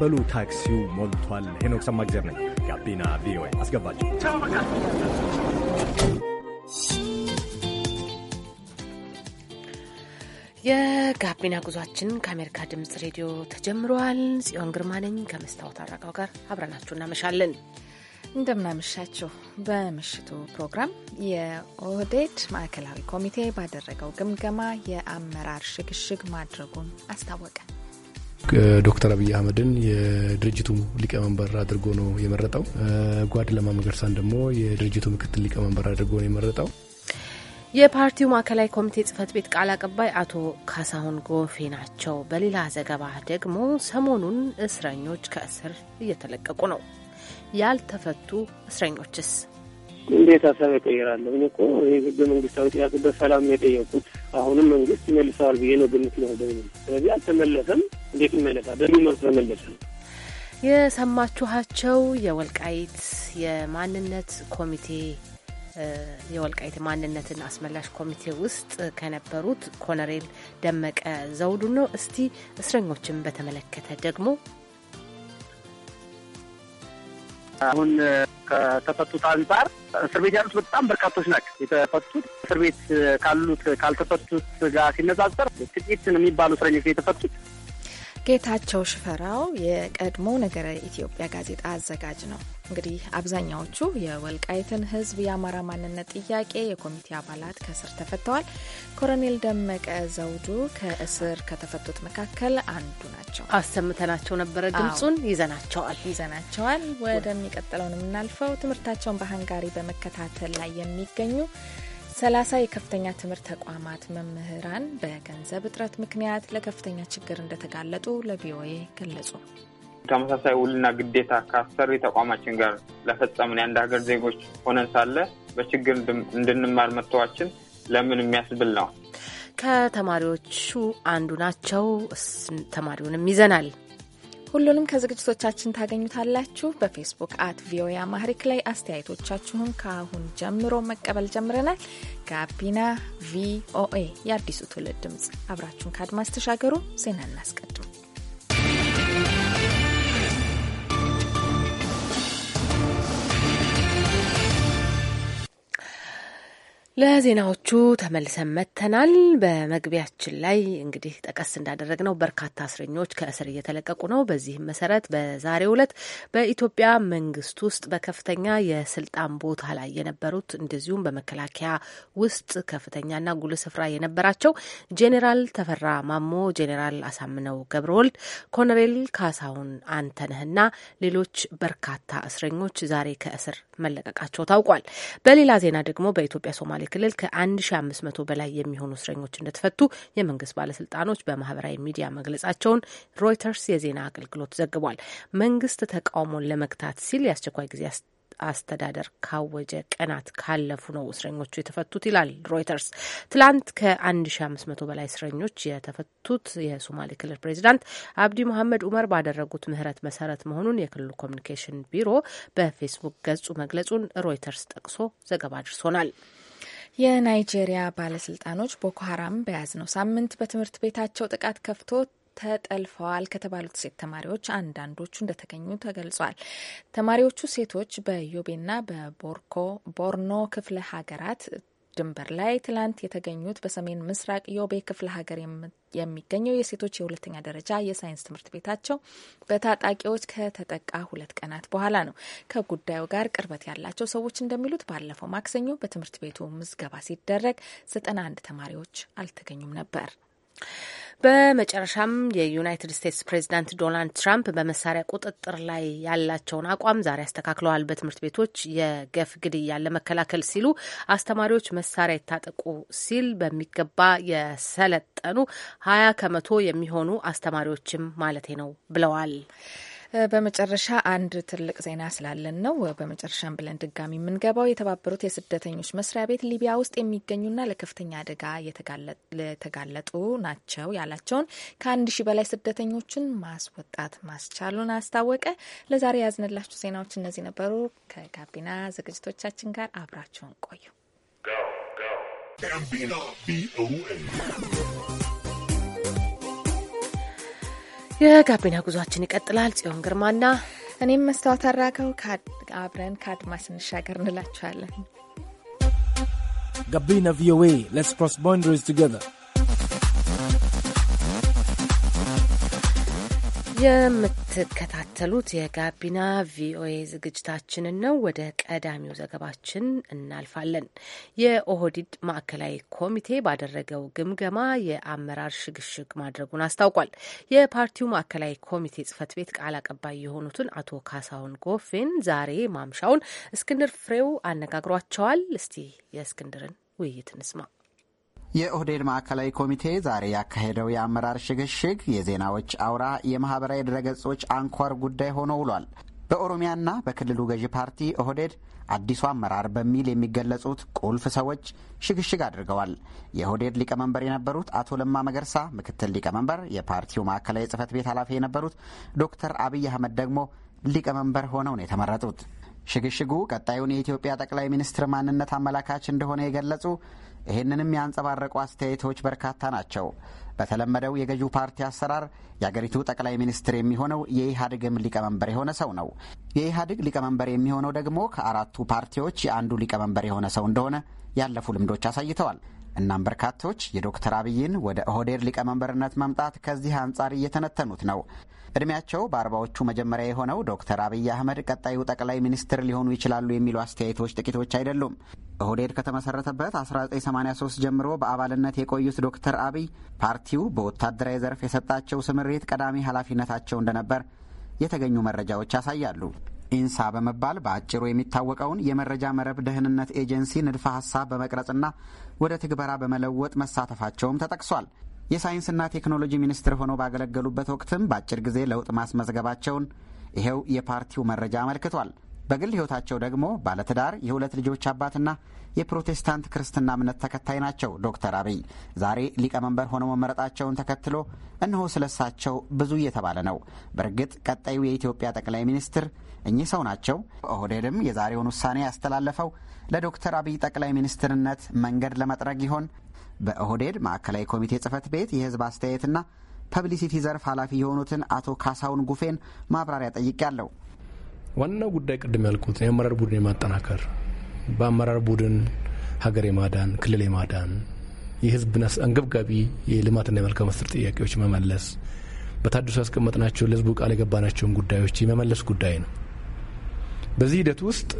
በሉ ታክሲው ሞልቷል። ሄኖክ ሰማግዜር ነኝ። ጋቢና ቪኦኤ አስገባቸው። የጋቢና ጉዟችን ከአሜሪካ ድምጽ ሬዲዮ ተጀምረዋል። ጽዮን ግርማ ነኝ ከመስታወት አረጋው ጋር አብረናችሁ እናመሻለን። እንደምናመሻችሁ። በምሽቱ ፕሮግራም የኦህዴድ ማዕከላዊ ኮሚቴ ባደረገው ግምገማ የአመራር ሽግሽግ ማድረጉን አስታወቀ። ዶክተር አብይ አህመድን የድርጅቱ ሊቀመንበር አድርጎ ነው የመረጠው። ጓድ ለማ መገርሳን ደግሞ የድርጅቱ ምክትል ሊቀመንበር አድርጎ ነው የመረጠው። የፓርቲው ማዕከላዊ ኮሚቴ ጽህፈት ቤት ቃል አቀባይ አቶ ካሳሁን ጎፌ ናቸው። በሌላ ዘገባ ደግሞ ሰሞኑን እስረኞች ከእስር እየተለቀቁ ነው። ያልተፈቱ እስረኞችስ እንዴት ሀሳብ እቀይራለሁ? እኔ እኮ ይህ ህገ መንግስታዊ ጥያቄ በሰላም የጠየቁት አሁንም መንግስት ይመልሰዋል ብዬ ነው ግምት ነው። ስለዚህ አልተመለሰም። እንዴት ይመለሳል? በምን መልክ መመለስ ነው? የሰማችኋቸው የወልቃይት የማንነት ኮሚቴ የወልቃይት ማንነትን አስመላሽ ኮሚቴ ውስጥ ከነበሩት ኮሎኔል ደመቀ ዘውዱ ነው። እስቲ እስረኞችን በተመለከተ ደግሞ አሁን ከተፈቱት አንጻር እስር ቤት ያሉት በጣም በርካቶች ናቸው የተፈቱት። እስር ቤት ካሉት ካልተፈቱት ጋር ሲነጻጸር ጥቂት የሚባሉ እስረኞች የተፈቱት ጌታቸው ሽፈራው የቀድሞ ነገረ ኢትዮጵያ ጋዜጣ አዘጋጅ ነው። እንግዲህ አብዛኛዎቹ የወልቃይትን ሕዝብ የአማራ ማንነት ጥያቄ የኮሚቴ አባላት ከእስር ተፈተዋል። ኮሎኔል ደመቀ ዘውዱ ከእስር ከተፈቱት መካከል አንዱ ናቸው። አሰምተናቸው ነበረ። ድምፁን ይዘናቸዋል ይዘናቸዋል። ወደሚቀጥለውን የምናልፈው። ትምህርታቸውን በሀንጋሪ በመከታተል ላይ የሚገኙ ሰላሳ የከፍተኛ ትምህርት ተቋማት መምህራን በገንዘብ እጥረት ምክንያት ለከፍተኛ ችግር እንደተጋለጡ ለቪኦኤ ገለጹ። ተመሳሳይ ውልና ግዴታ ከአሰሪ ተቋማችን ጋር ለፈጸምን የአንድ ሀገር ዜጎች ሆነን ሳለ በችግር እንድንማር መተዋችን ለምን የሚያስብል ነው። ከተማሪዎቹ አንዱ ናቸው። ተማሪውንም ይዘናል። ሁሉንም ከዝግጅቶቻችን ታገኙታላችሁ። በፌስቡክ አት ቪኦኤ አማህሪክ ላይ አስተያየቶቻችሁን ከአሁን ጀምሮ መቀበል ጀምረናል። ጋቢና ቪኦኤ የአዲሱ ትውልድ ድምፅ፣ አብራችሁን ከአድማስ ተሻገሩ። ዜና እናስቀድም። ለዜናዎቹ ተመልሰን መጥተናል። በመግቢያችን ላይ እንግዲህ ጠቀስ እንዳደረግ ነው በርካታ እስረኞች ከእስር እየተለቀቁ ነው። በዚህም መሰረት በዛሬው ዕለት በኢትዮጵያ መንግስት ውስጥ በከፍተኛ የስልጣን ቦታ ላይ የነበሩት እንደዚሁም በመከላከያ ውስጥ ከፍተኛና ጉልህ ስፍራ የነበራቸው ጄኔራል ተፈራ ማሞ፣ ጄኔራል አሳምነው ገብረወልድ፣ ኮሎኔል ካሳሁን አንተነህና ሌሎች በርካታ እስረኞች ዛሬ ከእስር መለቀቃቸው ታውቋል። በሌላ ዜና ደግሞ በኢትዮጵያ ሶማሌ ክልል ከ1500 በላይ የሚሆኑ እስረኞች እንደተፈቱ የመንግስት ባለስልጣኖች በማህበራዊ ሚዲያ መግለጻቸውን ሮይተርስ የዜና አገልግሎት ዘግቧል። መንግስት ተቃውሞን ለመግታት ሲል የአስቸኳይ ጊዜ አስተዳደር ካወጀ ቀናት ካለፉ ነው እስረኞቹ የተፈቱት ይላል ሮይተርስ። ትላንት ከ1500 በላይ እስረኞች የተፈቱት የሶማሌ ክልል ፕሬዚዳንት አብዲ መሐመድ ኡመር ባደረጉት ምህረት መሰረት መሆኑን የክልሉ ኮሚኒኬሽን ቢሮ በፌስቡክ ገጹ መግለጹን ሮይተርስ ጠቅሶ ዘገባ አድርሶናል። የናይጄሪያ ባለስልጣኖች ቦኮ ሀራም በያዝነው ሳምንት በትምህርት ቤታቸው ጥቃት ከፍቶ ተጠልፈዋል ከተባሉት ሴት ተማሪዎች አንዳንዶቹ እንደተገኙ ተገልጿል። ተማሪዎቹ ሴቶች በዮቤና በቦርኖ ክፍለ ሀገራት ድንበር ላይ ትላንት የተገኙት በሰሜን ምስራቅ ዮቤ ክፍለ ሀገር የሚገኘው የሴቶች የሁለተኛ ደረጃ የሳይንስ ትምህርት ቤታቸው በታጣቂዎች ከተጠቃ ሁለት ቀናት በኋላ ነው። ከጉዳዩ ጋር ቅርበት ያላቸው ሰዎች እንደሚሉት ባለፈው ማክሰኞ በትምህርት ቤቱ ምዝገባ ሲደረግ ዘጠና አንድ ተማሪዎች አልተገኙም ነበር። በመጨረሻም የዩናይትድ ስቴትስ ፕሬዚዳንት ዶናልድ ትራምፕ በመሳሪያ ቁጥጥር ላይ ያላቸውን አቋም ዛሬ አስተካክለዋል። በትምህርት ቤቶች የገፍ ግድያን ለመከላከል ሲሉ አስተማሪዎች መሳሪያ ይታጠቁ ሲል በሚገባ የሰለጠኑ ሀያ ከመቶ የሚሆኑ አስተማሪዎችም ማለቴ ነው ብለዋል። በመጨረሻ አንድ ትልቅ ዜና ስላለን ነው። በመጨረሻም ብለን ድጋሚ የምንገባው የተባበሩት የስደተኞች መስሪያ ቤት ሊቢያ ውስጥ የሚገኙና ለከፍተኛ አደጋ የተጋለጡ ናቸው ያላቸውን ከአንድ ሺህ በላይ ስደተኞችን ማስወጣት ማስቻሉን አስታወቀ። ለዛሬ ያዝንላችሁ ዜናዎች እነዚህ ነበሩ። ከጋቢና ዝግጅቶቻችን ጋር አብራችሁን ቆዩ። የጋቢና ጉዟችን ይቀጥላል። ጽዮን ግርማና እኔም መስታወት አራገው አብረን ከአድማስ እንሻገር እንላችኋለን። ጋቢና ቪኦኤ ሌትስ ክሮስ ባውንደሪስ ቱጌዘር የምትከታተሉት የጋቢና ቪኦኤ ዝግጅታችንን ነው። ወደ ቀዳሚው ዘገባችን እናልፋለን። የኦህዲድ ማዕከላዊ ኮሚቴ ባደረገው ግምገማ የአመራር ሽግሽግ ማድረጉን አስታውቋል። የፓርቲው ማዕከላዊ ኮሚቴ ጽህፈት ቤት ቃል አቀባይ የሆኑትን አቶ ካሳሁን ጎፌን ዛሬ ማምሻውን እስክንድር ፍሬው አነጋግሯቸዋል። እስቲ የእስክንድርን ውይይት እንስማ። የኦህዴድ ማዕከላዊ ኮሚቴ ዛሬ ያካሄደው የአመራር ሽግሽግ የዜናዎች አውራ የማህበራዊ ድረገጾች አንኳር ጉዳይ ሆኖ ውሏል። በኦሮሚያና በክልሉ ገዢ ፓርቲ ኦህዴድ አዲሱ አመራር በሚል የሚገለጹት ቁልፍ ሰዎች ሽግሽግ አድርገዋል። የኦህዴድ ሊቀመንበር የነበሩት አቶ ለማ መገርሳ ምክትል ሊቀመንበር፣ የፓርቲው ማዕከላዊ ጽህፈት ቤት ኃላፊ የነበሩት ዶክተር አብይ አህመድ ደግሞ ሊቀመንበር ሆነው ነው የተመረጡት። ሽግሽጉ ቀጣዩን የኢትዮጵያ ጠቅላይ ሚኒስትር ማንነት አመላካች እንደሆነ የገለጹ ይህንንም ያንጸባረቁ አስተያየቶች በርካታ ናቸው። በተለመደው የገዢው ፓርቲ አሰራር የአገሪቱ ጠቅላይ ሚኒስትር የሚሆነው የኢህአዴግም ሊቀመንበር የሆነ ሰው ነው። የኢህአዴግ ሊቀመንበር የሚሆነው ደግሞ ከአራቱ ፓርቲዎች የአንዱ ሊቀመንበር የሆነ ሰው እንደሆነ ያለፉ ልምዶች አሳይተዋል። እናም በርካቶች የዶክተር አብይን ወደ ኦህዴድ ሊቀመንበርነት መምጣት ከዚህ አንጻር እየተነተኑት ነው። እድሜያቸው በአርባዎቹ መጀመሪያ የሆነው ዶክተር አብይ አህመድ ቀጣዩ ጠቅላይ ሚኒስትር ሊሆኑ ይችላሉ የሚሉ አስተያየቶች ጥቂቶች አይደሉም። ኦህዴድ ከተመሰረተበት 1983 ጀምሮ በአባልነት የቆዩት ዶክተር አብይ ፓርቲው በወታደራዊ ዘርፍ የሰጣቸው ስምሪት ቀዳሚ ኃላፊነታቸው እንደነበር የተገኙ መረጃዎች ያሳያሉ። ኢንሳ በመባል በአጭሩ የሚታወቀውን የመረጃ መረብ ደህንነት ኤጀንሲ ንድፈ ሐሳብ በመቅረጽና ወደ ትግበራ በመለወጥ መሳተፋቸውም ተጠቅሷል። የሳይንስና ቴክኖሎጂ ሚኒስትር ሆነው ባገለገሉበት ወቅትም በአጭር ጊዜ ለውጥ ማስመዝገባቸውን ይኸው የፓርቲው መረጃ አመልክቷል። በግል ሕይወታቸው ደግሞ ባለትዳር የሁለት ልጆች አባትና የፕሮቴስታንት ክርስትና እምነት ተከታይ ናቸው። ዶክተር አብይ ዛሬ ሊቀመንበር ሆነው መመረጣቸውን ተከትሎ እነሆ ስለሳቸው ብዙ እየተባለ ነው። በእርግጥ ቀጣዩ የኢትዮጵያ ጠቅላይ ሚኒስትር እኚህ ሰው ናቸው። ኦህዴድም የዛሬውን ውሳኔ ያስተላለፈው ለዶክተር አብይ ጠቅላይ ሚኒስትርነት መንገድ ለመጥረግ ይሆን? በኦህዴድ ማዕከላዊ ኮሚቴ ጽህፈት ቤት የህዝብ አስተያየትና ፐብሊሲቲ ዘርፍ ኃላፊ የሆኑትን አቶ ካሳውን ጉፌን ማብራሪያ ጠይቄያለሁ። ዋናው ጉዳይ ቅድም ያልኩት የአመራር ቡድን የማጠናከር በአመራር ቡድን ሀገር የማዳን ክልል የማዳን የህዝብን አንገብጋቢ የልማትና የመልካም መስር ጥያቄዎች መመለስ በታድሶ ያስቀመጥናቸው ለህዝቡ ቃል የገባናቸውን ጉዳዮች የመመለስ ጉዳይ ነው። በዚህ ሂደት ውስጥ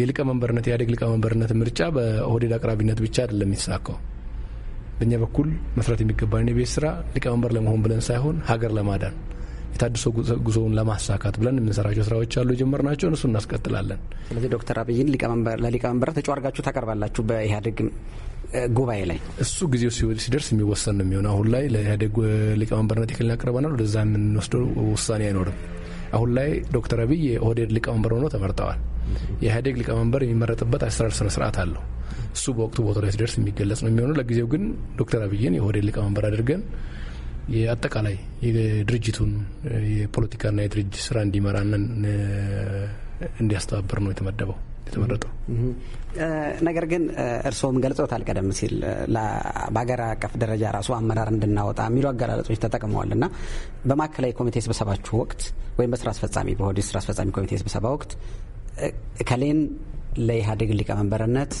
የሊቀመንበርነት የኢህአዴግ ሊቀመንበርነት ምርጫ በኦህዴድ አቅራቢነት ብቻ አይደለም የሚሳካው። በእኛ በኩል መስራት የሚገባን የቤት ስራ ሊቀመንበር ለመሆን ብለን ሳይሆን ሀገር ለማዳን የታድሶ ጉዞውን ለማሳካት ብለን የምንሰራቸው ስራዎች አሉ። ጀመር ናቸው እነሱ እናስቀጥላለን። ስለዚህ ዶክተር አብይን ለሊቀመንበር እጩ ታቀርባላችሁ በኢህአዴግ ጉባኤ ላይ እሱ ጊዜው ሲደርስ የሚወሰን ነው የሚሆነው። አሁን ላይ ለኢህአዴግ ሊቀመንበርነት ክልል ያቀርበናል። ወደዛ የምንወስደው ውሳኔ አይኖርም። አሁን ላይ ዶክተር አብይ የኦህዴድ ሊቀመንበር ሆነው ተመርጠዋል። የኢህአዴግ ሊቀመንበር የሚመረጥበት አሰራር ስነ ስርዓት አለው። እሱ በወቅቱ ቦታ ላይ ሲደርስ የሚገለጽ ነው የሚሆነው። ለጊዜው ግን ዶክተር አብይን የኦህዴድ ሊቀመንበር አድርገን የአጠቃላይ የድርጅቱን የፖለቲካና የድርጅት ስራ እንዲመራና እንዲያስተባብር ነው የተመደበው የተመረጠው። ነገር ግን እርስዎም ገልጸውታል ቀደም ሲል በሀገር አቀፍ ደረጃ ራሱ አመራር እንድናወጣ የሚሉ አገላለጾች ተጠቅመዋል እና በማዕከላዊ ኮሚቴ ስብሰባችሁ ወቅት ወይም በስራ አስፈጻሚ በሆዲ ስራ አስፈጻሚ ኮሚቴ ስብሰባ ወቅት እከሌን ለኢህአዴግ ሊቀመንበርነት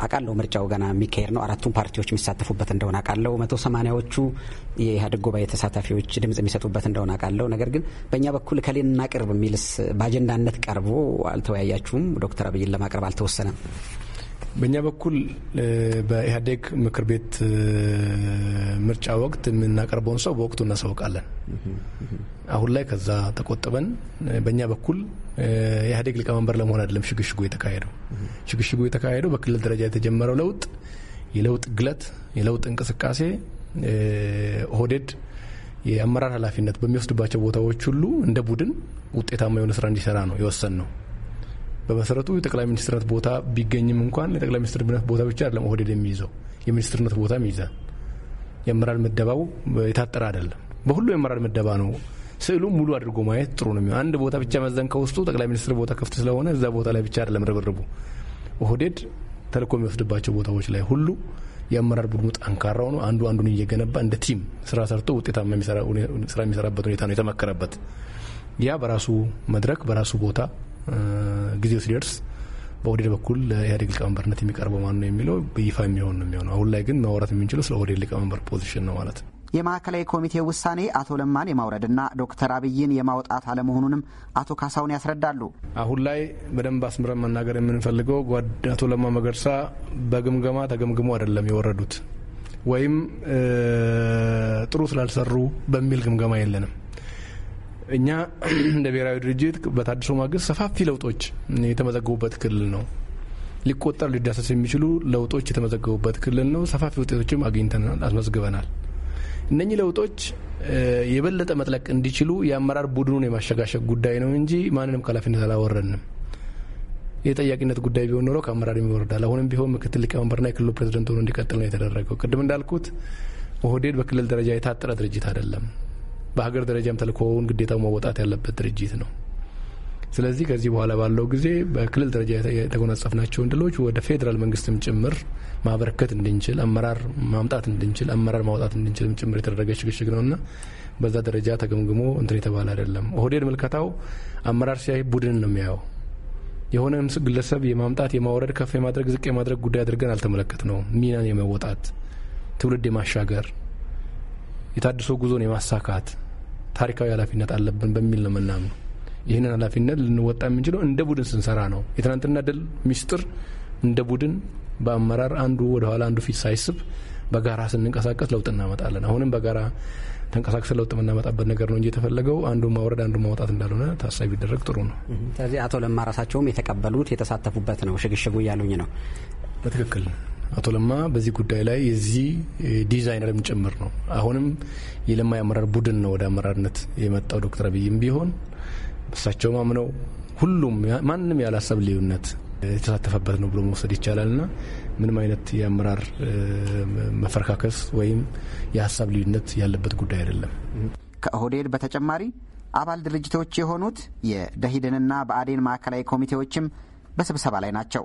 አውቃለሁ ምርጫው ገና የሚካሄድ ነው። አራቱም ፓርቲዎች የሚሳተፉበት እንደሆነ አውቃለሁ። መቶ ሰማኒያዎቹ የኢህአዴግ ጉባኤ ተሳታፊዎች ድምጽ የሚሰጡበት እንደሆነ አውቃለሁ። ነገር ግን በእኛ በኩል ከሌን እናቅርብ የሚልስ በአጀንዳነት ቀርቦ አልተወያያችሁም? ዶክተር አብይን ለማቅረብ አልተወሰነም? በእኛ በኩል በኢህአዴግ ምክር ቤት ምርጫ ወቅት የምናቀርበውን ሰው በወቅቱ እናሳውቃለን። አሁን ላይ ከዛ ተቆጥበን በእኛ በኩል ኢህአዴግ ሊቀመንበር ለመሆን አይደለም ሽግሽጉ የተካሄደው። ሽግሽጉ የተካሄደው በክልል ደረጃ የተጀመረው ለውጥ፣ የለውጥ ግለት፣ የለውጥ እንቅስቃሴ ኦህዴድ የአመራር ኃላፊነት በሚወስድባቸው ቦታዎች ሁሉ እንደ ቡድን ውጤታማ የሆነ ስራ እንዲሰራ ነው የወሰን ነው። በመሰረቱ የጠቅላይ ሚኒስትርነት ቦታ ቢገኝም እንኳን የጠቅላይ ሚኒስትርነት ቦታ ብቻ አይደለም ኦህዴድ የሚይዘው የሚኒስትርነት ቦታም ይይዛል። የአመራር ምደባው የታጠረ አይደለም። በሁሉ የአመራር ምደባ ነው። ስዕሉ ሙሉ አድርጎ ማየት ጥሩ ነው። አንድ ቦታ ብቻ መዘን ከውስጡ ጠቅላይ ሚኒስትር ቦታ ክፍት ስለሆነ እዛ ቦታ ላይ ብቻ አይደለም ርብርቡ። ኦህዴድ ተልእኮ የሚወስድባቸው ቦታዎች ላይ ሁሉ የአመራር ቡድኑ ጠንካራ ሆኖ አንዱ አንዱን እየገነባ እንደ ቲም ስራ ሰርቶ ውጤታማ ስራ የሚሰራበት ሁኔታ ነው የተመከረበት። ያ በራሱ መድረክ በራሱ ቦታ ጊዜው ሲደርስ በኦህዴድ በኩል ለኢህአዴግ ሊቀመንበርነት የሚቀርበው ማን ነው የሚለው በይፋ የሚሆን ነው የሚሆነው። አሁን ላይ ግን ማውራት የምንችለው ስለ ኦህዴድ ሊቀመንበር ፖዚሽን ነው ማለት ነው። የማዕከላዊ ኮሚቴ ውሳኔ አቶ ለማን የማውረድና ዶክተር አብይን የማውጣት አለመሆኑንም አቶ ካሳውን ያስረዳሉ። አሁን ላይ በደንብ አስምረን መናገር የምንፈልገው አቶ ለማ መገርሳ በግምገማ ተገምግሞ አይደለም የወረዱት፣ ወይም ጥሩ ስላልሰሩ በሚል ግምገማ የለንም እኛ እንደ ብሔራዊ ድርጅት በታድሶ ማግስት ሰፋፊ ለውጦች የተመዘገቡበት ክልል ነው። ሊቆጠር ሊዳሰስ የሚችሉ ለውጦች የተመዘገቡበት ክልል ነው። ሰፋፊ ውጤቶችም አግኝተናል፣ አስመዝግበናል። እነኚህ ለውጦች የበለጠ መጥለቅ እንዲችሉ የአመራር ቡድኑን የማሸጋሸግ ጉዳይ ነው እንጂ ማንንም ከኃላፊነት አላወረንም። የጠያቂነት ጉዳይ ቢሆን ኖሮ ከአመራር ይወርዳል። አሁንም ቢሆን ምክትል ሊቀመንበርና የክልሉ ፕሬዚደንት ሆኖ እንዲቀጥል ነው የተደረገው። ቅድም እንዳልኩት ኦህዴድ በክልል ደረጃ የታጠረ ድርጅት አይደለም። በሀገር ደረጃም ተልእኮውን ግዴታው መወጣት ያለበት ድርጅት ነው። ስለዚህ ከዚህ በኋላ ባለው ጊዜ በክልል ደረጃ የተጎናጸፍናቸውን ድሎች ወደ ፌዴራል መንግስትም ጭምር ማበረከት እንድንችል አመራር ማምጣት እንድንችል አመራር ማውጣት እንድንችልም ጭምር የተደረገ ሽግሽግ ነውና በዛ ደረጃ ተገምግሞ እንትን የተባለ አይደለም። ኦህዴድ ምልከታው አመራር ሲያይ ቡድን ነው የሚያየው። የሆነ ግለሰብ የማምጣት የማውረድ፣ ከፍ የማድረግ ዝቅ የማድረግ ጉዳይ አድርገን አልተመለከት ነው። ሚናን የመወጣት ትውልድ የማሻገር የታድሶ ጉዞን የማሳካት ታሪካዊ ኃላፊነት አለብን በሚል ነው የምናምነው። ይህንን ኃላፊነት ልንወጣ የምንችለው እንደ ቡድን ስንሰራ ነው። የትናንትና ድል ሚስጥር እንደ ቡድን በአመራር አንዱ ወደኋላ አንዱ ፊት ሳይስብ በጋራ ስንንቀሳቀስ ለውጥ እናመጣለን። አሁንም በጋራ ተንቀሳቅሰን ለውጥ የምናመጣበት ነገር ነው እንጂ የተፈለገው አንዱ ማውረድ አንዱ ማውጣት እንዳልሆነ ታሳቢ ቢደረግ ጥሩ ነው። ስለዚህ አቶ ለማ ራሳቸውም የተቀበሉት የተሳተፉበት ነው ሽግሽጉ እያሉኝ ነው። በትክክል አቶ ለማ በዚህ ጉዳይ ላይ የዚህ ዲዛይነርም ጭምር ነው። አሁንም የለማ የአመራር ቡድን ነው ወደ አመራርነት የመጣው። ዶክተር አብይም ቢሆን እሳቸውም አምነው ሁሉም ማንም ያለ ሀሳብ ልዩነት የተሳተፈበት ነው ብሎ መውሰድ ይቻላልና ምንም አይነት የአመራር መፈረካከስ ወይም የሀሳብ ልዩነት ያለበት ጉዳይ አይደለም። ከኦህዴድ በተጨማሪ አባል ድርጅቶች የሆኑት የደኢህዴንና በአዴን ማዕከላዊ ኮሚቴዎችም በስብሰባ ላይ ናቸው።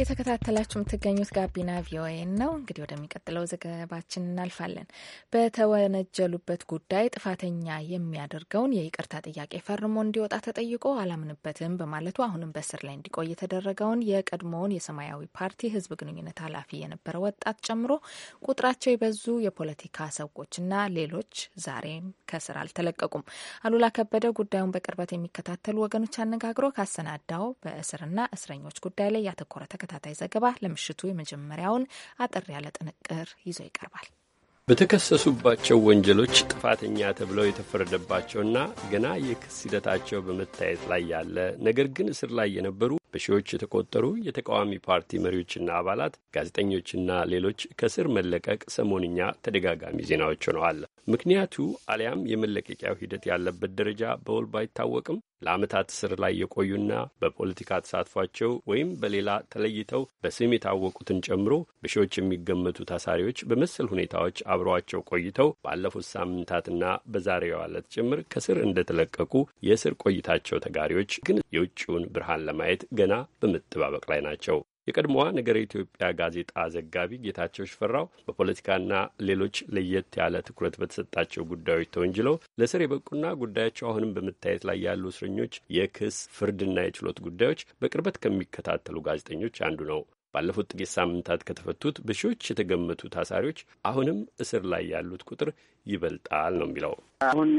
የተከታተላችሁ የምትገኙት ጋቢና ቪኦኤ ነው። እንግዲህ ወደሚቀጥለው ዘገባችን እናልፋለን። በተወነጀሉበት ጉዳይ ጥፋተኛ የሚያደርገውን የይቅርታ ጥያቄ ፈርሞ እንዲወጣ ተጠይቆ አላምንበትም በማለቱ አሁንም በእስር ላይ እንዲቆይ የተደረገውን የቀድሞውን የሰማያዊ ፓርቲ ህዝብ ግንኙነት ኃላፊ የነበረ ወጣት ጨምሮ ቁጥራቸው የበዙ የፖለቲካ ሰዎችና ሌሎች ዛሬም ከስር አልተለቀቁም። አሉላ ከበደ ጉዳዩን በቅርበት የሚከታተሉ ወገኖች አነጋግሮ ካሰናዳው በእስርና እስረኞች ጉዳይ ላይ ያተኮረ ተከታታይ ዘገባ ለምሽቱ የመጀመሪያውን አጠር ያለ ጥንቅር ይዞ ይቀርባል። በተከሰሱባቸው ወንጀሎች ጥፋተኛ ተብለው የተፈረደባቸውና ገና የክስ ሂደታቸው በመታየት ላይ ያለ ነገር ግን እስር ላይ የነበሩ በሺዎች የተቆጠሩ የተቃዋሚ ፓርቲ መሪዎችና አባላት፣ ጋዜጠኞችና ሌሎች ከስር መለቀቅ ሰሞንኛ ተደጋጋሚ ዜናዎች ሆነዋል። ምክንያቱ አሊያም የመለቀቂያው ሂደት ያለበት ደረጃ በውል ባይታወቅም ለዓመታት እስር ላይ የቆዩና በፖለቲካ ተሳትፏቸው ወይም በሌላ ተለይተው በስም የታወቁትን ጨምሮ በሺዎች የሚገመቱ ታሳሪዎች በመሰል ሁኔታዎች አብረዋቸው ቆይተው ባለፉት ሳምንታትና በዛሬዋ ዕለት ጭምር ከስር እንደተለቀቁ የእስር ቆይታቸው ተጋሪዎች ግን የውጭውን ብርሃን ለማየት ገና በመጠባበቅ ላይ ናቸው። የቀድሞዋ ነገረ ኢትዮጵያ ጋዜጣ ዘጋቢ ጌታቸው ሽፈራው በፖለቲካና ሌሎች ለየት ያለ ትኩረት በተሰጣቸው ጉዳዮች ተወንጅለው ለስር የበቁና ጉዳያቸው አሁንም በመታየት ላይ ያሉ እስረኞች የክስ ፍርድና የችሎት ጉዳዮች በቅርበት ከሚከታተሉ ጋዜጠኞች አንዱ ነው። ባለፉት ጥቂት ሳምንታት ከተፈቱት በሺዎች የተገመቱ ታሳሪዎች አሁንም እስር ላይ ያሉት ቁጥር ይበልጣል ነው የሚለው። አሁን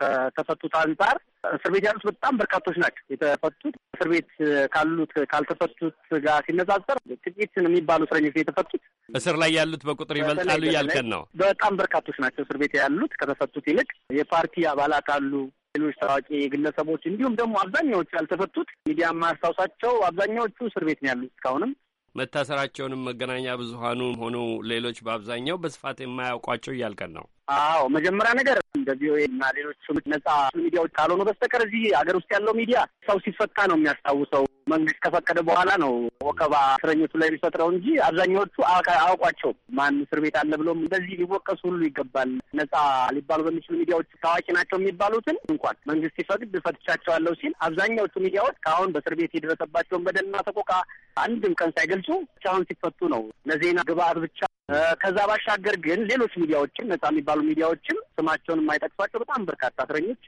ከተፈቱት አንጻር እስር ቤት ያሉት በጣም በርካቶች ናቸው የተፈቱት። እስር ቤት ካሉት ካልተፈቱት ጋር ሲነጻጸር ጥቂት የሚባሉ እስረኞች የተፈቱት። እስር ላይ ያሉት በቁጥር ይበልጣሉ እያልከን ነው። በጣም በርካቶች ናቸው እስር ቤት ያሉት ከተፈቱት ይልቅ። የፓርቲ አባላት አሉ፣ ሌሎች ታዋቂ ግለሰቦች፣ እንዲሁም ደግሞ አብዛኛዎቹ ያልተፈቱት ሚዲያ ማስታውሳቸው አብዛኛዎቹ እስር ቤት ነው ያሉት እስካሁንም መታሰራቸውንም መገናኛ ብዙኃኑም ሆኑ ሌሎች በአብዛኛው በስፋት የማያውቋቸው እያልቀን ነው። አዎ መጀመሪያ ነገር እንደ ቪኦኤ እና ሌሎች ነጻ ሚዲያዎች ካልሆኑ በስተቀር እዚህ ሀገር ውስጥ ያለው ሚዲያ ሰው ሲፈታ ነው የሚያስታውሰው። መንግስት ከፈቀደ በኋላ ነው ወከባ እስረኞቹ ላይ የሚፈጥረው እንጂ አብዛኛዎቹ አያውቋቸውም። ማን እስር ቤት አለ ብሎም እንደዚህ ሊወቀሱ ሁሉ ይገባል። ነጻ ሊባሉ በሚችሉ ሚዲያዎች ታዋቂ ናቸው የሚባሉትን እንኳን መንግስት ሲፈቅድ ፈትቻቸዋለሁ ሲል አብዛኛዎቹ ሚዲያዎች ከአሁን በእስር ቤት የደረሰባቸውን በደልና ተቆቃ አንድም ቀን ሳይገልጹ ብቻ አሁን ሲፈቱ ነው ለዜና ግብአት ብቻ ከዛ ባሻገር ግን ሌሎች ሚዲያዎችም ነጻ የሚባሉ ሚዲያዎችም ስማቸውን የማይጠቅሷቸው በጣም በርካታ እስረኞች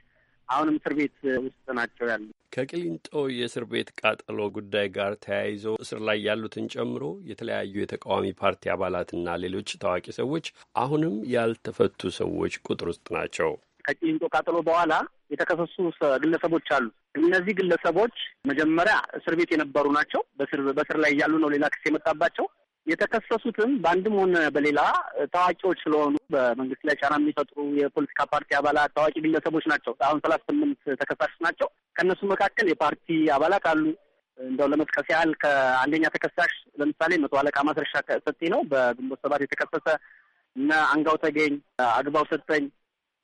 አሁንም እስር ቤት ውስጥ ናቸው ያሉ። ከቅሊንጦ የእስር ቤት ቃጠሎ ጉዳይ ጋር ተያይዞ እስር ላይ ያሉትን ጨምሮ የተለያዩ የተቃዋሚ ፓርቲ አባላትና ሌሎች ታዋቂ ሰዎች አሁንም ያልተፈቱ ሰዎች ቁጥር ውስጥ ናቸው። ከቅሊንጦ ቃጠሎ በኋላ የተከሰሱ ግለሰቦች አሉ። እነዚህ ግለሰቦች መጀመሪያ እስር ቤት የነበሩ ናቸው። በስር በስር ላይ እያሉ ነው ሌላ ክስ የመጣባቸው። የተከሰሱትም በአንድም ሆነ በሌላ ታዋቂዎች ስለሆኑ በመንግስት ላይ ጫና የሚፈጥሩ የፖለቲካ ፓርቲ አባላት፣ ታዋቂ ግለሰቦች ናቸው። አሁን ሰላሳ ስምንት ተከሳሾች ናቸው። ከእነሱ መካከል የፓርቲ አባላት አሉ። እንደው ለመጥቀስ ያህል ከአንደኛ ተከሳሽ ለምሳሌ መቶ አለቃ ማስረሻ ሰጤ ነው በግንቦት ሰባት የተከሰሰ። እነ አንጋው ተገኝ፣ አግባው ሰጠኝ፣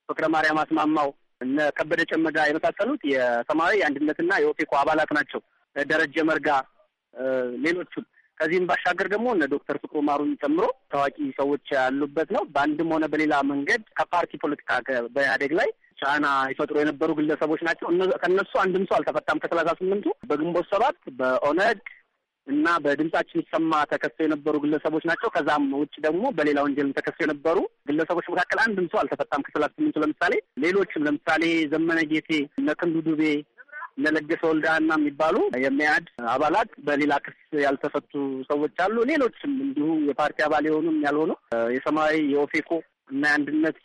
ፍቅረ ማርያም አስማማው፣ እነ ከበደ ጨመዳ የመሳሰሉት የሰማያዊ የአንድነትና የኦፌኮ አባላት ናቸው። ደረጀ መርጋ ሌሎቹም ከዚህም ባሻገር ደግሞ እነ ዶክተር ፍቅሩ ማሩን ጨምሮ ታዋቂ ሰዎች ያሉበት ነው። በአንድም ሆነ በሌላ መንገድ ከፓርቲ ፖለቲካ በኢህአዴግ ላይ ጫና ይፈጥሩ የነበሩ ግለሰቦች ናቸው። ከእነሱ አንድም ሰው አልተፈታም። ከሰላሳ ስምንቱ በግንቦት ሰባት በኦነግ እና በድምጻችን ይሰማ ተከሰው የነበሩ ግለሰቦች ናቸው። ከዛም ውጭ ደግሞ በሌላ ወንጀልም ተከሰው የነበሩ ግለሰቦች መካከል አንድም ሰው አልተፈታም። ከሰላሳ ስምንቱ ለምሳሌ ሌሎችም ለምሳሌ ዘመነ ጌቴ፣ እነ ክንዱ ዱቤ እነ ለገሰ ወልዳና የሚባሉ የሚያድ አባላት በሌላ ክስ ያልተፈቱ ሰዎች አሉ። ሌሎችም እንዲሁ የፓርቲ አባል የሆኑም ያልሆኑ የሰማያዊ የኦፌኮ እና የአንድነት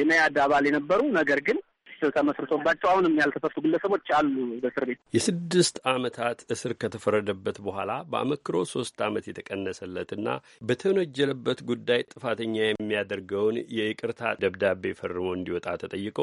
የመያድ አባል የነበሩ ነገር ግን ተመስርቶባቸው አሁንም ያልተፈቱ ግለሰቦች አሉ በእስር ቤት። የስድስት ዓመታት እስር ከተፈረደበት በኋላ በአመክሮ ሶስት ዓመት የተቀነሰለትና በተወነጀለበት ጉዳይ ጥፋተኛ የሚያደርገውን የይቅርታ ደብዳቤ ፈርሞ እንዲወጣ ተጠይቆ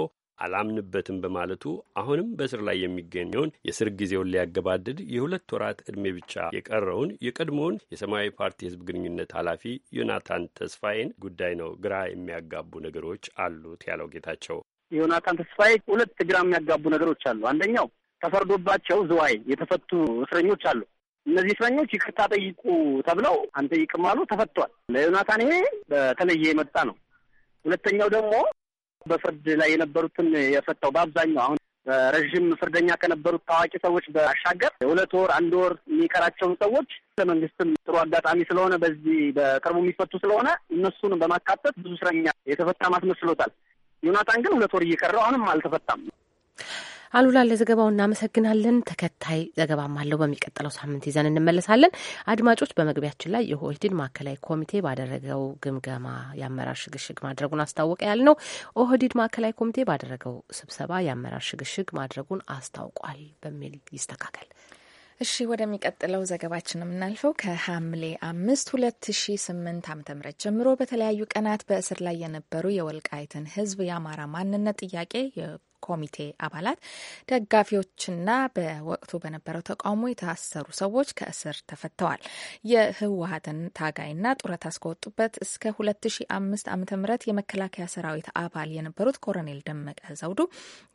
አላምንበትም በማለቱ አሁንም በእስር ላይ የሚገኘውን የእስር ጊዜውን ሊያገባድድ የሁለት ወራት ዕድሜ ብቻ የቀረውን የቀድሞውን የሰማያዊ ፓርቲ የህዝብ ግንኙነት ኃላፊ ዮናታን ተስፋዬን ጉዳይ ነው ግራ የሚያጋቡ ነገሮች አሉት ያለው ጌታቸው። ዮናታን ተስፋዬ ሁለት ግራ የሚያጋቡ ነገሮች አሉ። አንደኛው ተፈርዶባቸው ዝዋይ የተፈቱ እስረኞች አሉ። እነዚህ እስረኞች ይቅርታ ጠይቁ ተብለው አንጠይቅም አሉ፣ ተፈቷል። ለዮናታን ይሄ በተለየ የመጣ ነው። ሁለተኛው ደግሞ በፍርድ ላይ የነበሩትን የፈታው በአብዛኛው አሁን ረዥም ፍርደኛ ከነበሩት ታዋቂ ሰዎች በአሻገር ሁለት ወር አንድ ወር የሚቀራቸውን ሰዎች ለመንግስትም ጥሩ አጋጣሚ ስለሆነ በዚህ በቅርቡ የሚፈቱ ስለሆነ እነሱን በማካተት ብዙ እስረኛ የተፈታ ማስመስሎታል። ዮናታን ግን ሁለት ወር እየቀረው አሁንም አልተፈታም። አሉላ ለዘገባው እናመሰግናለን። ተከታይ ዘገባም አለው በሚቀጥለው ሳምንት ይዘን እንመለሳለን። አድማጮች፣ በመግቢያችን ላይ የኦህዴድ ማዕከላዊ ኮሚቴ ባደረገው ግምገማ የአመራር ሽግሽግ ማድረጉን አስታወቀ ያል ነው። ኦህዴድ ማዕከላዊ ኮሚቴ ባደረገው ስብሰባ የአመራር ሽግሽግ ማድረጉን አስታውቋል በሚል ይስተካከል። እሺ ወደሚቀጥለው ዘገባችን የምናልፈው ከሐምሌ አምስት ሁለት ሺ ስምንት ዓመተ ምህረት ጀምሮ በተለያዩ ቀናት በእስር ላይ የነበሩ የወልቃይትን ህዝብ የአማራ ማንነት ጥያቄ ኮሚቴ አባላት ደጋፊዎችና በወቅቱ በነበረው ተቃውሞ የታሰሩ ሰዎች ከእስር ተፈተዋል። የህወሀትን ታጋይና ጡረታ እስከወጡበት እስከ 2005 ዓ ም የመከላከያ ሰራዊት አባል የነበሩት ኮሎኔል ደመቀ ዘውዱ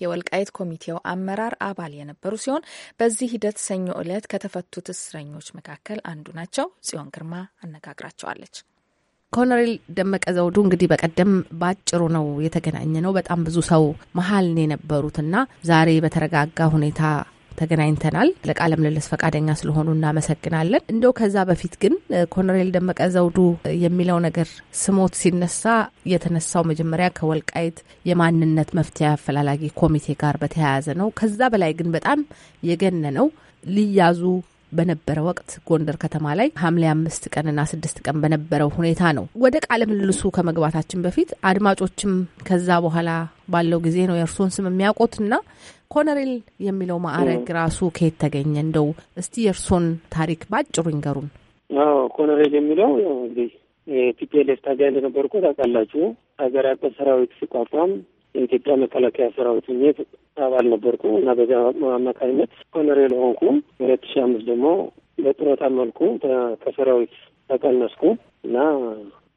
የወልቃይት ኮሚቴው አመራር አባል የነበሩ ሲሆን በዚህ ሂደት ሰኞ ዕለት ከተፈቱት እስረኞች መካከል አንዱ ናቸው። ጽዮን ግርማ አነጋግራቸዋለች። ኮሎኔል ደመቀ ዘውዱ እንግዲህ በቀደም በአጭሩ ነው የተገናኘ ነው። በጣም ብዙ ሰው መሀል ነው እና ዛሬ በተረጋጋ ሁኔታ ተገናኝተናል። ለቃለ ምልልስ ፈቃደኛ ስለሆኑ እናመሰግናለን። እንደው ከዛ በፊት ግን ኮሎኔል ደመቀ ዘውዱ የሚለው ነገር ስሞት ሲነሳ የተነሳው መጀመሪያ ከወልቃይት የማንነት መፍትሄ አፈላላጊ ኮሚቴ ጋር በተያያዘ ነው። ከዛ በላይ ግን በጣም የገነነው ሊያዙ በነበረ ወቅት ጎንደር ከተማ ላይ ሐምሌ አምስት ቀንና ስድስት ቀን በነበረው ሁኔታ ነው። ወደ ቃለ ምልልሱ ከመግባታችን በፊት አድማጮችም ከዛ በኋላ ባለው ጊዜ ነው የእርስዎን ስም የሚያውቁትና ኮነሬል የሚለው ማዕረግ ራሱ ከየት ተገኘ? እንደው እስቲ የእርስዎን ታሪክ ባጭሩ ይንገሩን። ኮነሬል የሚለው እንግዲህ ፒፒኤልኤፍ ታጋይ እንደነበርኩ ታውቃላችሁ። ሀገር አቀፍ ሰራዊት ሲቋቋም የኢትዮጵያ መከላከያ ሰራዊት ሜት አባል ነበርኩ እና በዚያ አማካኝነት ኮሎኔል ሆንኩ። ሁለት ሺ አምስት ደግሞ በጡረታ መልኩ ከሰራዊት ተቀነስኩ እና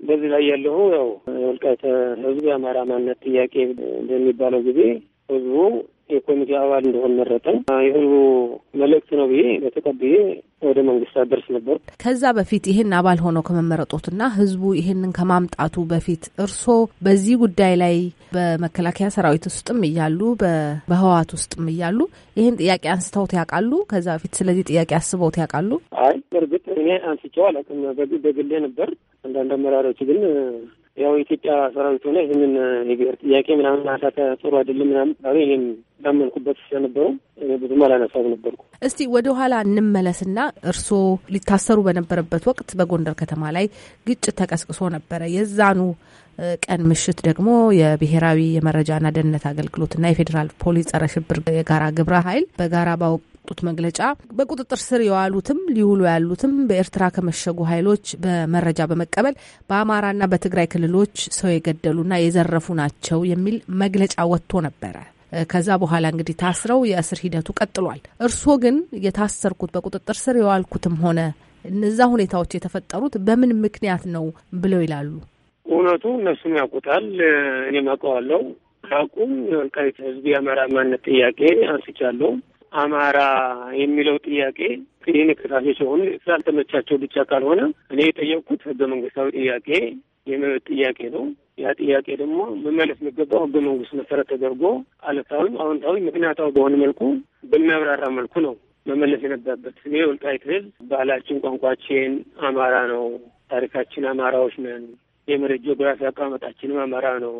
በዚህ ላይ ያለሁ ያው የወልቃይት ህዝብ የአማራ ማንነት ጥያቄ በሚባለው ጊዜ ህዝቡ የኮሚቴ አባል እንደሆን መረጠን የህዝቡ መልእክት ነው ብዬ በተቀብዬ ወደ መንግስት አደርስ ነበር። ከዛ በፊት ይህን አባል ሆኖ ከመመረጦትና ህዝቡ ይህንን ከማምጣቱ በፊት እርስዎ በዚህ ጉዳይ ላይ በመከላከያ ሰራዊት ውስጥም እያሉ በህወሓት ውስጥም እያሉ ይህን ጥያቄ አንስተውት ያውቃሉ? ከዛ በፊት ስለዚህ ጥያቄ አስበውት ያውቃሉ? አይ በእርግጥ እኔ አንስቼው አላውቅም። በግሌ ነበር። አንዳንድ አመራሪዎች ግን ያው የኢትዮጵያ ሰራዊት ሆነ ይህንን የብሔር ጥያቄ ምናምን ማንሳት ጥሩ አይደለም ምናምን ይህም ያመንኩበት ስለነበሩ ብዙም አላነሳው ነበርኩ። እስቲ ወደ ኋላ እንመለስና እርስዎ ሊታሰሩ በነበረበት ወቅት በጎንደር ከተማ ላይ ግጭት ተቀስቅሶ ነበረ። የዛኑ ቀን ምሽት ደግሞ የብሔራዊ የመረጃና ደህንነት አገልግሎትና የፌዴራል ፖሊስ ጸረ ሽብር የጋራ ግብረ ኃይል በጋራ ባወጡት መግለጫ በቁጥጥር ስር የዋሉትም ሊውሉ ያሉትም በኤርትራ ከመሸጉ ኃይሎች በመረጃ በመቀበል በአማራና በትግራይ ክልሎች ሰው የገደሉና የዘረፉ ናቸው የሚል መግለጫ ወጥቶ ነበረ። ከዛ በኋላ እንግዲህ ታስረው የእስር ሂደቱ ቀጥሏል። እርስዎ ግን የታሰርኩት በቁጥጥር ስር የዋልኩትም ሆነ እነዛ ሁኔታዎች የተፈጠሩት በምን ምክንያት ነው ብለው ይላሉ። እውነቱ እነሱም ያውቁታል፣ እኔም አውቀዋለሁ። ሀቁም የወልቃይት ህዝብ የአማራ ማንነት ጥያቄ አንስቻለሁ። አማራ የሚለው ጥያቄ ይህን ከሳሾች የሆኑ ስላልተመቻቸው ብቻ ካልሆነ እኔ የጠየቅኩት ህገ መንግስታዊ ጥያቄ የመብት ጥያቄ ነው። ያ ጥያቄ ደግሞ መመለስ የሚገባው ህገ መንግስት መሰረት ተደርጎ አለታዊም አዎንታዊ ምክንያታዊ በሆነ መልኩ በሚያብራራ መልኩ ነው መመለስ የነበረበት። እኔ ወልቃይት ህዝብ ባህላችን፣ ቋንቋችን አማራ ነው። ታሪካችን አማራዎች ነን። የመሬት ጂኦግራፊ አቀማመጣችንም አማራ ነው።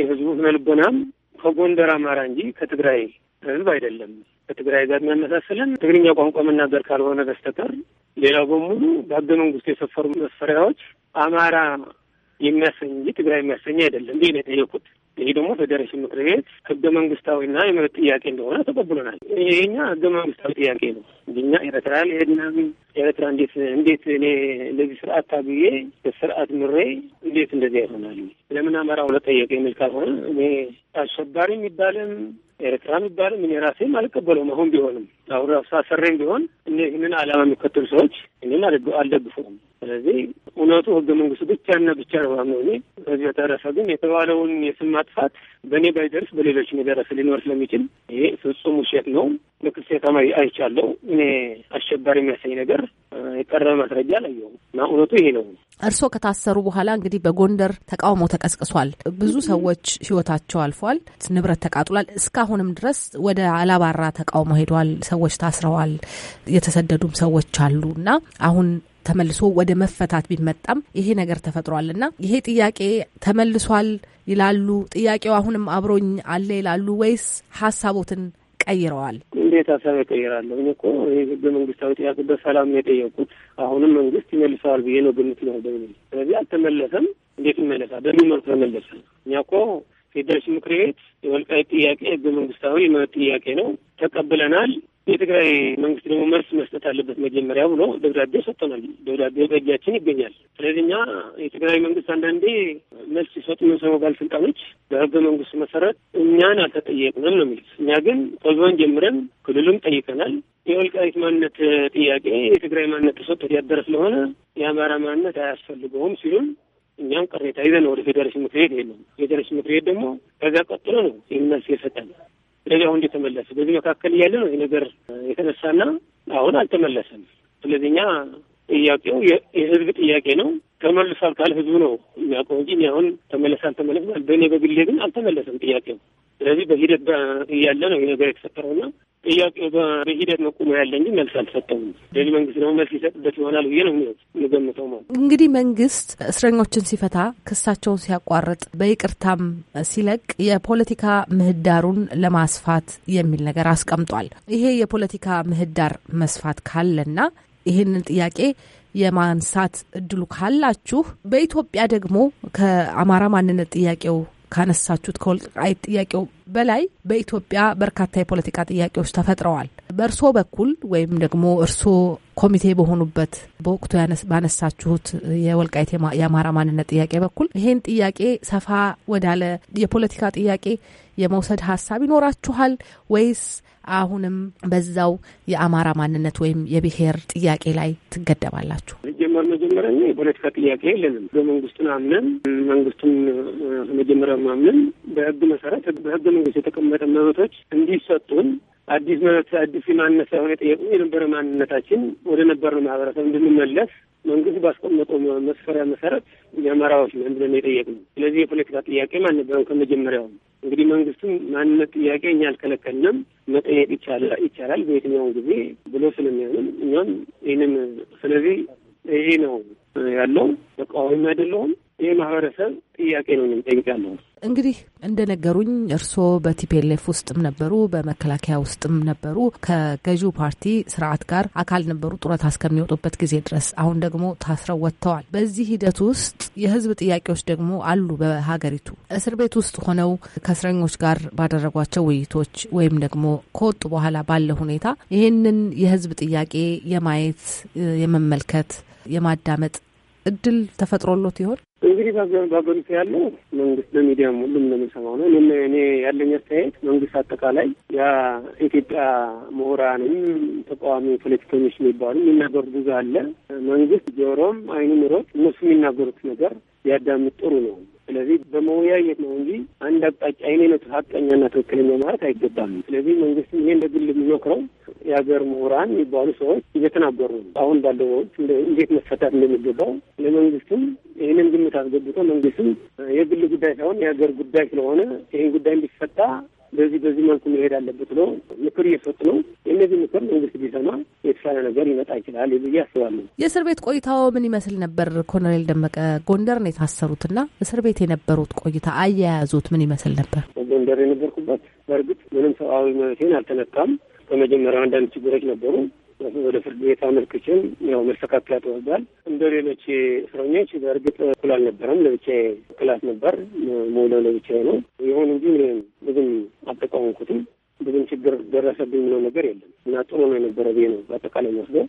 የህዝቡ ስነ ልቦናም ከጎንደር አማራ እንጂ ከትግራይ ህዝብ አይደለም። ከትግራይ ጋር የሚያመሳስለን ትግርኛ ቋንቋ መናገር ካልሆነ በስተቀር ሌላው በሙሉ በህገ መንግስቱ የሰፈሩ መስፈሪያዎች አማራ የሚያሰኝ እንጂ ትግራይ የሚያሰኝ አይደለም ብዬ ነው የጠየቁት። ይህ ደግሞ ፌዴሬሽን ምክር ቤት ህገ መንግስታዊና የመብት ጥያቄ እንደሆነ ተቀብሎናል። ይሄኛ ህገ መንግስታዊ ጥያቄ ነው። እኛ ኤረትራ ሄድናም ኤረትራ እንዴት እንዴት እኔ እንደዚህ ስርአት ታግዬ በስርአት ምሬ እንዴት እንደዚህ አይሆናል? ለምን አማራው ለጠየቀ የሚል ካልሆነ እኔ አሸባሪ የሚባልም ኤርትራ የሚባልም እኔ ራሴም አልቀበለውም። አሁን ቢሆንም አሁን ራሱ አሰሬም ቢሆን እኔ ይህንን አላማ የሚከተሉ ሰዎች እኔን አልደግፈውም። ስለዚህ እውነቱ ህገ መንግስቱ ብቻና ብቻ ነው ነው። እኔ በዚህ በተረፈ ግን የተባለውን የስም ማጥፋት በእኔ ባይደርስ በሌሎች የደረሰ ሊኖር ስለሚችል ይሄ ፍጹም ውሸት ነው። ምክስ የተማሪ አይቻለው። እኔ አሸባሪ የሚያሳኝ ነገር የቀረበ ማስረጃ አላየሁም እና እውነቱ ይሄ ነው። እርስዎ ከታሰሩ በኋላ እንግዲህ በጎንደር ተቃውሞ ተቀስቅሷል። ብዙ ሰዎች ህይወታቸው አልፏል። ንብረት ተቃጥሏል። እስካሁንም ድረስ ወደ አላባራ ተቃውሞ ሄደዋል። ሰዎች ታስረዋል። የተሰደዱም ሰዎች አሉ እና አሁን ተመልሶ ወደ መፈታት ቢመጣም ይሄ ነገር ተፈጥሯል እና ይሄ ጥያቄ ተመልሷል ይላሉ። ጥያቄው አሁንም አብሮኝ አለ ይላሉ ወይስ ሀሳቦትን ቀይረዋል? እንዴት ሀሳብ ይቀይራለሁ? እኔ እኮ ይህ መንግስታዊ ጥያቄ በሰላም የጠየቁት አሁንም መንግስት ይመልሰዋል ብዬ ነው ግምት ነው። ስለዚህ አልተመለሰም። እንዴት ይመለሳል? መልክ ተመለሰ። እኛ እኮ ፌዴሬሽን ምክር ቤት የወልቃይት ጥያቄ ህገ መንግስታዊ ጥያቄ ነው፣ ተቀብለናል። የትግራይ መንግስት ደግሞ መልስ መስጠት አለበት መጀመሪያ ብሎ ደብዳቤ ሰጥተናል። ደብዳቤ በእጃችን ይገኛል። ስለዚህ እኛ የትግራይ መንግስት አንዳንዴ መልስ ሲሰጡ የምንሰማው ባለስልጣኖች በህገ መንግስቱ መሰረት እኛን አልተጠየቅንም ነው የሚሉት። እኛ ግን ቶልዞን ጀምረን ክልሉም ጠይቀናል። የወልቃይት ማንነት ጥያቄ የትግራይ ማንነት ተሰጥቶት ያደረ ስለሆነ የአማራ ማንነት አያስፈልገውም ሲሉን እኛም ቅሬታ ይዘን ወደ ፌዴሬሽን ምክር ቤት ሄድን። ፌዴሬሽን ምክር ቤት ደግሞ ከዚያ ቀጥሎ ነው ይህ መልስ የሰጠን። ስለዚህ አሁን እንደተመለሰ በዚህ መካከል እያለ ነው ይህ ነገር የተነሳና አሁን አልተመለሰም። ስለዚህ እኛ ጥያቄው የህዝብ ጥያቄ ነው። ተመልሷል ካለ ህዝቡ ነው የሚያውቀው እንጂ አሁን ተመለሰ አልተመለሰም፣ በእኔ በግሌ ግን አልተመለሰም ጥያቄው። ስለዚህ በሂደት እያለ ነው ይህ ነገር የተፈጠረውና ጥያቄ በሂደት ነው ቁሞ ያለ እንጂ መልስ አልሰጠውም። ለዚህ መንግስት ደግሞ መልስ ይሰጥበት ይሆናል ብዬ ነው የምገምተው። ማለት እንግዲህ መንግስት እስረኞችን ሲፈታ፣ ክሳቸውን ሲያቋርጥ፣ በይቅርታም ሲለቅ የፖለቲካ ምህዳሩን ለማስፋት የሚል ነገር አስቀምጧል። ይሄ የፖለቲካ ምህዳር መስፋት ካለና ይህንን ጥያቄ የማንሳት እድሉ ካላችሁ በኢትዮጵያ ደግሞ ከአማራ ማንነት ጥያቄው ካነሳችሁት ከወልቃይት ጥያቄው በላይ በኢትዮጵያ በርካታ የፖለቲካ ጥያቄዎች ተፈጥረዋል። በእርሶ በኩል ወይም ደግሞ እርሶ ኮሚቴ በሆኑበት በወቅቱ ባነሳችሁት የወልቃይት የአማራ ማንነት ጥያቄ በኩል ይሄን ጥያቄ ሰፋ ወዳለ የፖለቲካ ጥያቄ የመውሰድ ሀሳብ ይኖራችኋል ወይስ አሁንም በዛው የአማራ ማንነት ወይም የብሔር ጥያቄ ላይ ትገደባላችሁ? መጀመሪያ እኛ የፖለቲካ ጥያቄ የለንም። በመንግስቱን አምነን መንግስቱን መጀመሪያ ማምነን በህግ መሰረት በህገ መንግስት የተቀመጠ መብቶች እንዲሰጡን አዲስ መብት አዲስ የማንነት ሳይሆን የጠየቁን የነበረ ማንነታችን ወደ ነበረው ማህበረሰብ እንድንመለስ መንግስት ባስቀመጠው መስፈሪያ መሰረት የአማራዎች ነን ብለን የጠየቅነው። ስለዚህ የፖለቲካ ጥያቄም አልነበረም ከመጀመሪያው። እንግዲህ መንግስትም ማንነት ጥያቄ እኛ አልከለከልንም፣ መጠየቅ ይቻላል በየትኛውም ጊዜ ብሎ ስለሚያምን እኛም ይህንን ስለዚህ ይሄ ነው ያለው። ተቃዋሚ አይደለሁም። ይህ ማህበረሰብ ጥያቄ ነው ጠይቃለሁ። እንግዲህ እንደነገሩኝ እርስዎ በቲፒኤልኤፍ ውስጥም ነበሩ፣ በመከላከያ ውስጥም ነበሩ። ከገዢው ፓርቲ ስርዓት ጋር አካል ነበሩ ጡረታ እስከሚወጡበት ጊዜ ድረስ። አሁን ደግሞ ታስረው ወጥተዋል። በዚህ ሂደት ውስጥ የህዝብ ጥያቄዎች ደግሞ አሉ። በሀገሪቱ እስር ቤት ውስጥ ሆነው ከእስረኞች ጋር ባደረጓቸው ውይይቶች ወይም ደግሞ ከወጡ በኋላ ባለ ሁኔታ ይህንን የህዝብ ጥያቄ የማየት የመመልከት የማዳመጥ እድል ተፈጥሮሎት ይሆን? እንግዲህ በሀገሪቱ ያለው መንግስት በሚዲያም ሁሉም እንደምንሰማው ነው። እኔ ያለኝ አስተያየት መንግስት አጠቃላይ የኢትዮጵያ ምሁራንም ተቃዋሚ ፖለቲከኞች የሚባሉ የሚናገሩት ብዙ አለ። መንግስት ጆሮም አይኑ ምሮት እነሱ የሚናገሩት ነገር ያዳምጥ ጥሩ ነው። ስለዚህ በመወያየት ነው እንጂ አንድ አቅጣጫ አይኔ ነው ሀቀኛና ትክክለኛ ማለት አይገባም። ስለዚህ መንግስት ይሄ እንደ ግል የሚመክረው የሀገር ምሁራን የሚባሉ ሰዎች እየተናገሩ ነው። አሁን ባለው እንዴት መፈታት እንደሚገባው ለመንግስትም ይህንን ግምት አስገብቶ መንግስትም የግል ጉዳይ ሳይሆን የሀገር ጉዳይ ስለሆነ ይህን ጉዳይ እንዲፈታ በዚህ በዚህ መልኩ መሄድ አለበት ብሎ ምክር እየሰጡ ነው። የእነዚህ ምክር መንግስት ቢሰማ የተሻለ ነገር ይመጣ ይችላል ብዬ አስባለሁ። የእስር ቤት ቆይታው ምን ይመስል ነበር? ኮሎኔል ደመቀ ጎንደር ነው የታሰሩትና እስር ቤት የነበሩት ቆይታ አያያዙት ምን ይመስል ነበር? ጎንደር የነበርኩበት በእርግጥ ምንም ሰብአዊ መብቴን አልተነካም። ከመጀመሪያው አንዳንድ ችግሮች ነበሩ። ወደ ፍርድ ቤት አመልክችም ያው መስተካከያ ተወስዷል። እንደ ሌሎች እስረኞች በእርግጥ እኩል አልነበረም። ለብቻ ክላስ ነበር መውለው ለብቻ ነው። ይሁን እንጂ ብዙም አልተቃወምኩትም። ብዙም ችግር ደረሰብኝ ምነው ነገር የለም እና ጥሩ ነው የነበረ ብዬ ነው በአጠቃላይ ወስደው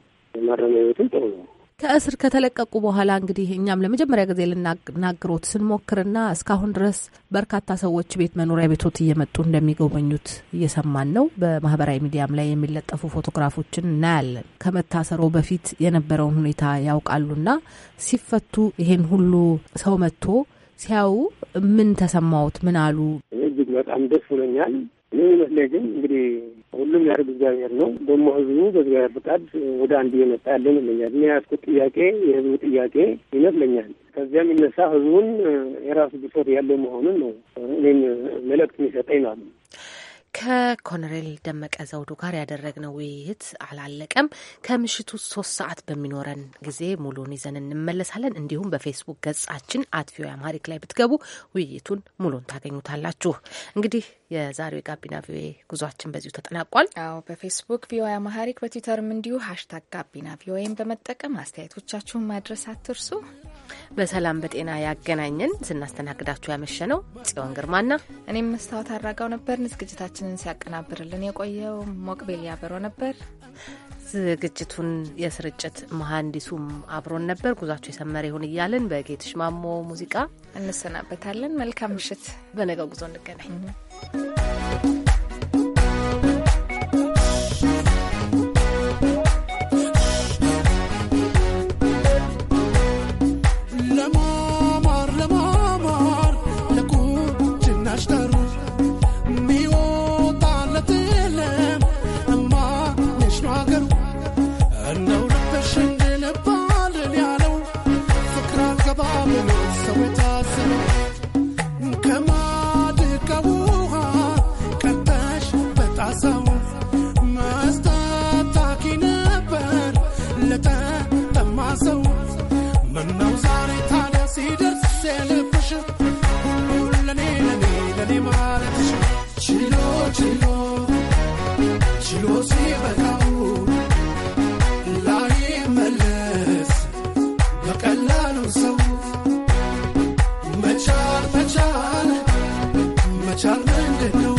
ማረሚያ ቤትም ጥሩ ነው። ከእስር ከተለቀቁ በኋላ እንግዲህ እኛም ለመጀመሪያ ጊዜ ልናግሮት ስንሞክርና እስካሁን ድረስ በርካታ ሰዎች ቤት መኖሪያ ቤቶት እየመጡ እንደሚጎበኙት እየሰማን ነው። በማህበራዊ ሚዲያም ላይ የሚለጠፉ ፎቶግራፎችን እናያለን። ከመታሰሮ በፊት የነበረውን ሁኔታ ያውቃሉና ሲፈቱ ይሄን ሁሉ ሰው መጥቶ ሲያዩ ምን ተሰማዎት? ምን አሉ? እጅግ በጣም ደስ ብሎኛል። የሚመስለኝ ግን እንግዲህ ሁሉም ያደርግ እግዚአብሔር ነው። ደግሞ ህዝቡ በእግዚአብሔር ፍቃድ ወደ አንድ እየመጣ ያለ ይመስለኛል። እኔ ያስኩት ጥያቄ የህዝቡ ጥያቄ ይመስለኛል። ከዚያ የሚነሳ ህዝቡን የራሱ ብሶት ያለው መሆኑን ነው እኔም መልእክት የሚሰጠኝ ነው። ከኮሎኔል ደመቀ ዘውዱ ጋር ያደረግነው ውይይት አላለቀም። ከምሽቱ ሶስት ሰዓት በሚኖረን ጊዜ ሙሉን ይዘን እንመለሳለን። እንዲሁም በፌስቡክ ገጻችን አት ቪኦኤ አማሪክ ላይ ብትገቡ ውይይቱን ሙሉን ታገኙታላችሁ። እንግዲህ የዛሬው የጋቢና ቪኦኤ ጉዟችን በዚሁ ተጠናቋል። አዎ በፌስቡክ ቪኦኤ አማሪክ፣ በትዊተርም እንዲሁ ሀሽታግ ጋቢና ቪኦኤን በመጠቀም አስተያየቶቻችሁን ማድረስ አትርሱ። በሰላም በጤና ያገናኘን። ስናስተናግዳችሁ ያመሸ ነው ጽዮን ግርማና እኔም መስታወት አድራጋው ነበርን ዝግጅታችን ሲያቀናብርልን የቆየው ሞቅቤል ያበሮ ነበር። ዝግጅቱን የስርጭት መሀንዲሱም አብሮን ነበር። ጉዟችሁ የሰመረ ይሁን እያልን በጌትሽ ማሞ ሙዚቃ እንሰናበታለን። መልካም ምሽት። በነገው ጉዞ እንገናኝ። ちゃんなんでどう